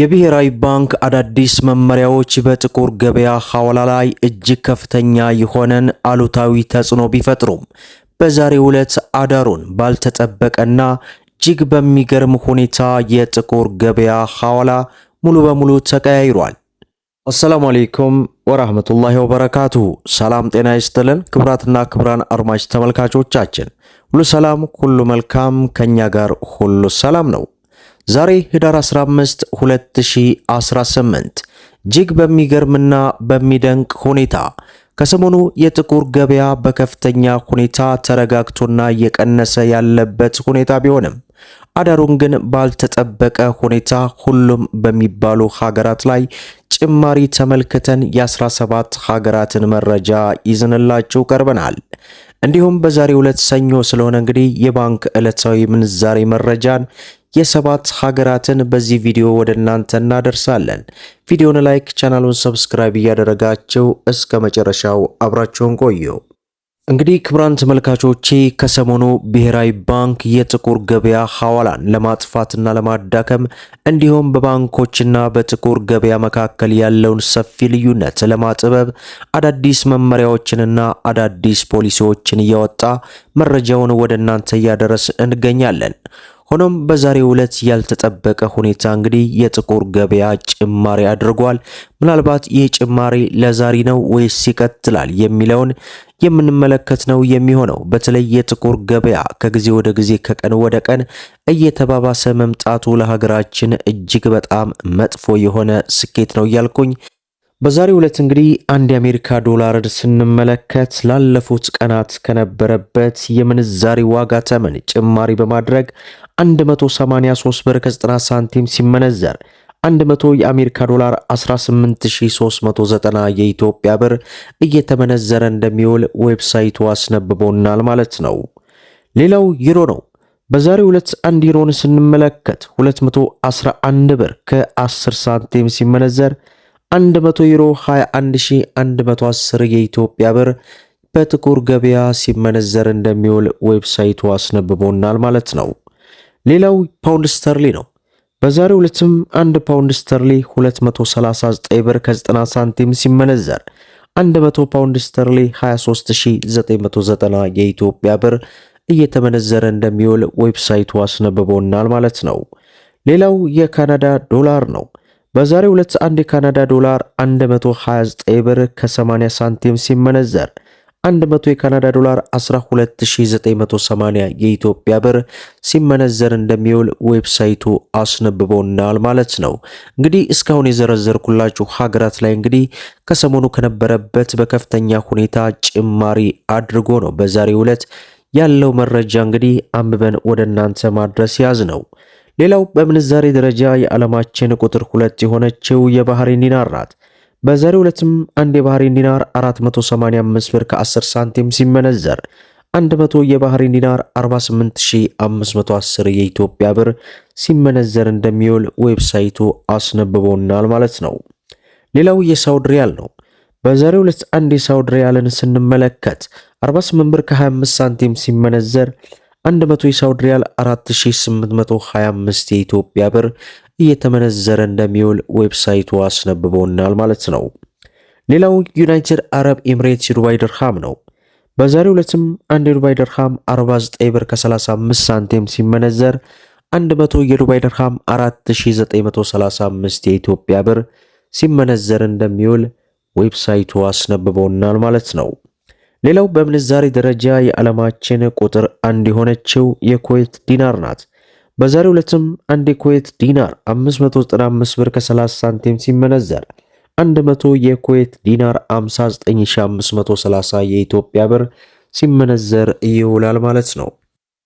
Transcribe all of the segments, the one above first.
የብሔራዊ ባንክ አዳዲስ መመሪያዎች በጥቁር ገበያ ሐዋላ ላይ እጅግ ከፍተኛ የሆነን አሉታዊ ተጽዕኖ ቢፈጥሩም በዛሬው ዕለት አዳሩን ባልተጠበቀና እጅግ በሚገርም ሁኔታ የጥቁር ገበያ ሐዋላ ሙሉ በሙሉ ተቀያይሯል። አሰላሙ አለይኩም ወራህመቱላሂ ወበረካቱሁ። ሰላም ጤና ይስጥልን ክብራትና ክብራን አድማጭ ተመልካቾቻችን ሁሉ ሰላም ሁሉ መልካም፣ ከእኛ ጋር ሁሉ ሰላም ነው። ዛሬ ህዳር 15 2018 እጅግ በሚገርምና በሚደንቅ ሁኔታ ከሰሞኑ የጥቁር ገበያ በከፍተኛ ሁኔታ ተረጋግቶና እየቀነሰ ያለበት ሁኔታ ቢሆንም አዳሩን ግን ባልተጠበቀ ሁኔታ ሁሉም በሚባሉ ሀገራት ላይ ጭማሪ ተመልክተን የ17 ሀገራትን መረጃ ይዘንላችሁ ቀርበናል። እንዲሁም በዛሬ ዕለት ሰኞ ስለሆነ እንግዲህ የባንክ ዕለታዊ ምንዛሬ መረጃን የሰባት ሀገራትን በዚህ ቪዲዮ ወደ እናንተ እናደርሳለን። ቪዲዮን ላይክ፣ ቻናሉን ሰብስክራይብ እያደረጋችሁ እስከ መጨረሻው አብራችሁን ቆዩ። እንግዲህ ክቡራን ተመልካቾቼ ከሰሞኑ ብሔራዊ ባንክ የጥቁር ገበያ ሐዋላን ለማጥፋትና ለማዳከም እንዲሁም በባንኮችና በጥቁር ገበያ መካከል ያለውን ሰፊ ልዩነት ለማጥበብ አዳዲስ መመሪያዎችንና አዳዲስ ፖሊሲዎችን እያወጣ መረጃውን ወደ እናንተ እያደረስ እንገኛለን። ሆኖም በዛሬው ዕለት ያልተጠበቀ ሁኔታ እንግዲህ የጥቁር ገበያ ጭማሪ አድርጓል። ምናልባት ይህ ጭማሪ ለዛሬ ነው ወይስ ይቀጥላል የሚለውን የምንመለከት ነው የሚሆነው። በተለይ የጥቁር ገበያ ከጊዜ ወደ ጊዜ ከቀን ወደ ቀን እየተባባሰ መምጣቱ ለሀገራችን እጅግ በጣም መጥፎ የሆነ ስኬት ነው እያልኩኝ በዛሬው ዕለት እንግዲህ አንድ የአሜሪካ ዶላርን ስንመለከት ላለፉት ቀናት ከነበረበት የምንዛሪ ዋጋ ተመን ጭማሪ በማድረግ 183 ብር ከ90 ሳንቲም ሲመነዘር 100 የአሜሪካ ዶላር 18390 የኢትዮጵያ ብር እየተመነዘረ እንደሚውል ዌብሳይቱ አስነብቦናል ማለት ነው። ሌላው ዩሮ ነው። በዛሬው ዕለት አንድ ዩሮን ስንመለከት 211 ብር ከ10 ሳንቲም ሲመነዘር 100 ዩሮ 21110 የኢትዮጵያ ብር በጥቁር ገበያ ሲመነዘር እንደሚውል ዌብሳይቱ አስነብቦናል ማለት ነው። ሌላው ፓውንድ ስተርሊ ነው። በዛሬው ዕለትም አንድ ፓውንድ ስተርሊ 239 ብር ከ90 ሳንቲም ሲመነዘር 100 ፓውንድ ስተርሊ 23990 የኢትዮጵያ ብር እየተመነዘረ እንደሚውል ዌብሳይቱ አስነብቦናል ማለት ነው። ሌላው የካናዳ ዶላር ነው። በዛሬ ሁለት አንድ የካናዳ ዶላር 129 ብር ከ80 ሳንቲም ሲመነዘር 100 የካናዳ ዶላር 12980 የኢትዮጵያ ብር ሲመነዘር እንደሚውል ዌብሳይቱ አስነብቦናል ማለት ነው። እንግዲህ እስካሁን የዘረዘርኩላችሁ ሀገራት ላይ እንግዲህ ከሰሞኑ ከነበረበት በከፍተኛ ሁኔታ ጭማሪ አድርጎ ነው በዛሬ ዕለት ያለው መረጃ እንግዲህ አንብበን ወደ እናንተ ማድረስ ያዝ ነው። ሌላው በምንዛሬ ደረጃ የዓለማችን ቁጥር ሁለት የሆነችው የባህሪን ዲናር ናት። በዛሬው ዕለትም አንድ የባህሬን ዲናር 485 ብር ከ10 ሳንቲም ሲመነዘር 100 የባህሬን ዲናር 48510 የኢትዮጵያ ብር ሲመነዘር እንደሚውል ዌብሳይቱ አስነብቦናል ማለት ነው። ሌላው የሳውድ ሪያል ነው። በዛሬው ዕለት አንድ የሳውድ ሪያልን ስንመለከት 48 ብር ከ25 ሳንቲም ሲመነዘር 100 የሳውዲ ሪያል 4825 የኢትዮጵያ ብር እየተመነዘረ እንደሚውል ዌብሳይቱ አስነብቦናል ማለት ነው። ሌላው ዩናይትድ አረብ ኤምሬትስ የዱባይ ድርሃም ነው። በዛሬው ዕለትም አንድ የዱባይ ድርሃም 49 ብር ከ35 ሳንቲም ሲመነዘር 100 የዱባይ ድርሃም 4935 የኢትዮጵያ ብር ሲመነዘር እንደሚውል ዌብሳይቱ አስነብቦናል ማለት ነው። ሌላው በምንዛሬ ደረጃ የዓለማችን ቁጥር አንድ የሆነችው የኩዌት ዲናር ናት። በዛሬው ዕለትም አንድ የኩዌት ዲናር 595 ብር ከ30 ሳንቲም ሲመነዘር 100 የኩዌት ዲናር 59530 የኢትዮጵያ ብር ሲመነዘር ይውላል ማለት ነው።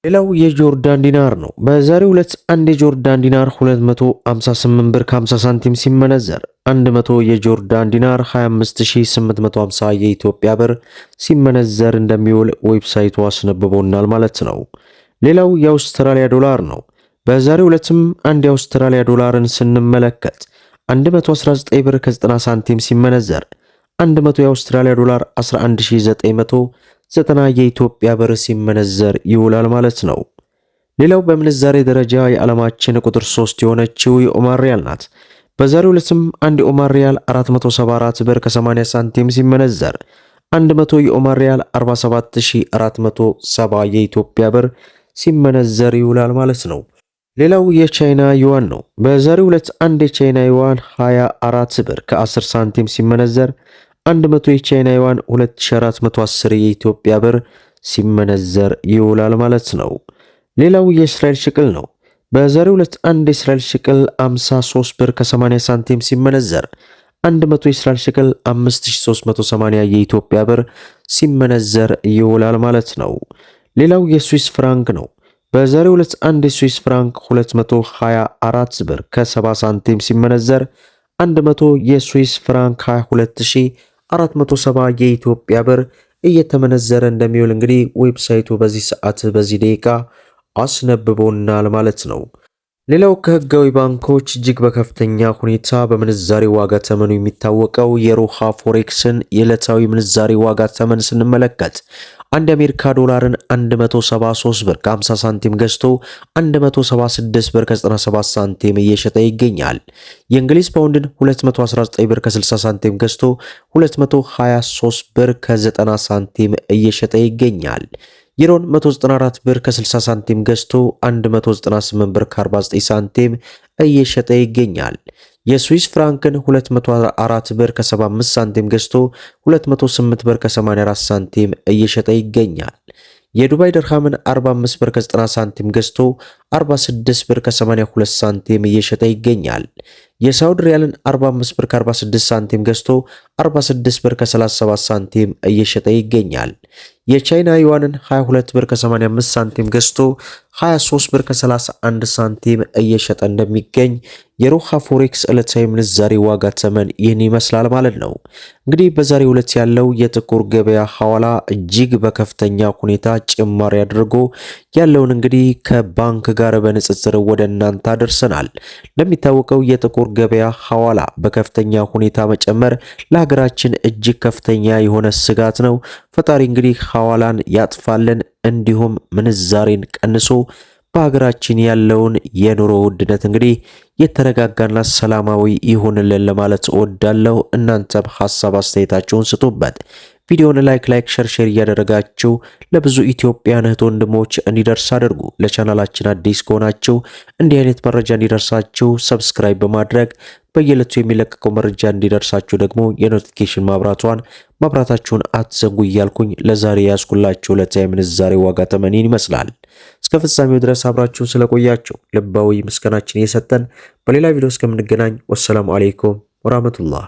ሌላው የጆርዳን ዲናር ነው። በዛሬው ዕለት አንድ የጆርዳን ዲናር 258 ብር ከ50 ሳንቲም ሲመነዘር 100 የጆርዳን ዲናር 25850 የኢትዮጵያ ብር ሲመነዘር እንደሚውል ዌብሳይቱ አስነብቦናል ማለት ነው። ሌላው የአውስትራሊያ ዶላር ነው። በዛሬው ዕለትም አንድ የአውስትራሊያ ዶላርን ስንመለከት 119 ብር ከ90 ሳንቲም ሲመነዘር 100 የአውስትራሊያ ዶላር 11900 ዘጠና የኢትዮጵያ ብር ሲመነዘር ይውላል ማለት ነው። ሌላው በምንዛሬ ደረጃ የዓለማችን ቁጥር 3 የሆነችው የኦማር ሪያል ናት። በዛሬው ዕለትም አንድ የኦማር ሪያል 474 ብር ከ80 ሳንቲም ሲመነዘር 100 የኦማር ሪያል 47470 የኢትዮጵያ ብር ሲመነዘር ይውላል ማለት ነው። ሌላው የቻይና ዩዋን ነው። በዛሬው ዕለት አንድ የቻይና ዩዋን 24 ብር ከ10 ሳንቲም ሲመነዘር 100 የቻይና ዩዋን 2410 የኢትዮጵያ ብር ሲመነዘር ይውላል ማለት ነው። ሌላው የእስራኤል ሽቅል ነው። በዛሬው ዕለት አንድ የእስራኤል ሽቅል 53 ብር ከ80 ሳንቲም ሲመነዘር 100 የእስራኤል ሽቅል 5380 የኢትዮጵያ ብር ሲመነዘር ይውላል ማለት ነው። ሌላው የስዊስ ፍራንክ ነው። በዛሬው ዕለት አንድ የስዊስ ፍራንክ 224 ብር ከ70 ሳንቲም ሲመነዘር 100 የስዊስ ፍራንክ 22000 470 የኢትዮጵያ ብር እየተመነዘረ እንደሚውል እንግዲህ ዌብሳይቱ በዚህ ሰዓት በዚህ ደቂቃ አስነብቦናል ማለት ነው። ሌላው ከህጋዊ ባንኮች እጅግ በከፍተኛ ሁኔታ በምንዛሬ ዋጋ ተመኑ የሚታወቀው የሮሃ ፎሬክስን የዕለታዊ ምንዛሬ ዋጋ ተመን ስንመለከት አንድ የአሜሪካ ዶላርን 173 ብር ከ50 ሳንቲም ገዝቶ 176 ብር ከ97 ሳንቲም እየሸጠ ይገኛል። የእንግሊዝ ፓውንድን 219 ብር ከ60 ሳንቲም ገዝቶ 223 ብር ከ90 ሳንቲም እየሸጠ ይገኛል። ዩሮን 194 ብር ከ60 ሳንቲም ገዝቶ 198 ብር ከ49 ሳንቲም እየሸጠ ይገኛል። የስዊስ ፍራንክን 204 ብር ከ75 ሳንቲም ገዝቶ 208 ብር ከ84 ሳንቲም እየሸጠ ይገኛል። የዱባይ ድርሃምን 45 ብር ከ90 ሳንቲም ገዝቶ 46 ብር ከ82 ሳንቲም እየሸጠ ይገኛል። የሳውዲ ሪያልን 45 ብር ከ46 ሳንቲም ገዝቶ 46 ብር ከ37 ሳንቲም እየሸጠ ይገኛል። የቻይና ዩዋንን 22 ብር ከ85 ሳንቲም ገዝቶ 23 ብር ከ31 ሳንቲም እየሸጠ እንደሚገኝ የሮሃ ፎሬክስ ዕለታዊ ምንዛሬ ዋጋ ተመን ይህን ይመስላል ማለት ነው። እንግዲህ በዛሬው ዕለት ያለው የጥቁር ገበያ ሐዋላ እጅግ በከፍተኛ ሁኔታ ጭማሪ አድርጎ ያለውን እንግዲህ ከባንክ ጋር በንጽጽር ወደ እናንተ አደርሰናል። እንደሚታወቀው የጥቁር ገበያ ሐዋላ በከፍተኛ ሁኔታ መጨመር ለሀገራችን እጅግ ከፍተኛ የሆነ ስጋት ነው። ፈጣሪ እንግዲህ ሐዋላን ያጥፋልን፣ እንዲሁም ምንዛሬን ቀንሶ በሀገራችን ያለውን የኑሮ ውድነት እንግዲህ የተረጋጋና ሰላማዊ ይሁንልን ለማለት እወዳለሁ። እናንተም ሀሳብ አስተያየታችሁን ስጡበት። ቪዲዮውን ላይክ ላይክ ሸር ሼር እያደረጋችሁ ለብዙ ኢትዮጵያን እህት ወንድሞች እንዲደርስ አድርጉ። ለቻናላችን አዲስ ከሆናችሁ እንዲህ አይነት መረጃ እንዲደርሳችሁ ሰብስክራይብ በማድረግ በየዕለቱ የሚለቀቀው መረጃ እንዲደርሳችሁ ደግሞ የኖቲፊኬሽን ማብራቷን ማብራታችሁን አትዘንጉ እያልኩኝ ለዛሬ ያስኩላችሁ ዕለታዊ የምንዛሬ ዋጋ ተመንን ይመስላል። እስከ ፍጻሜው ድረስ አብራችሁን ስለቆያችሁ ልባዊ ምስጋናችን እየሰጠን በሌላ ቪዲዮ እስከምንገናኝ ወሰላሙ አሌይኩም ወራህመቱላህ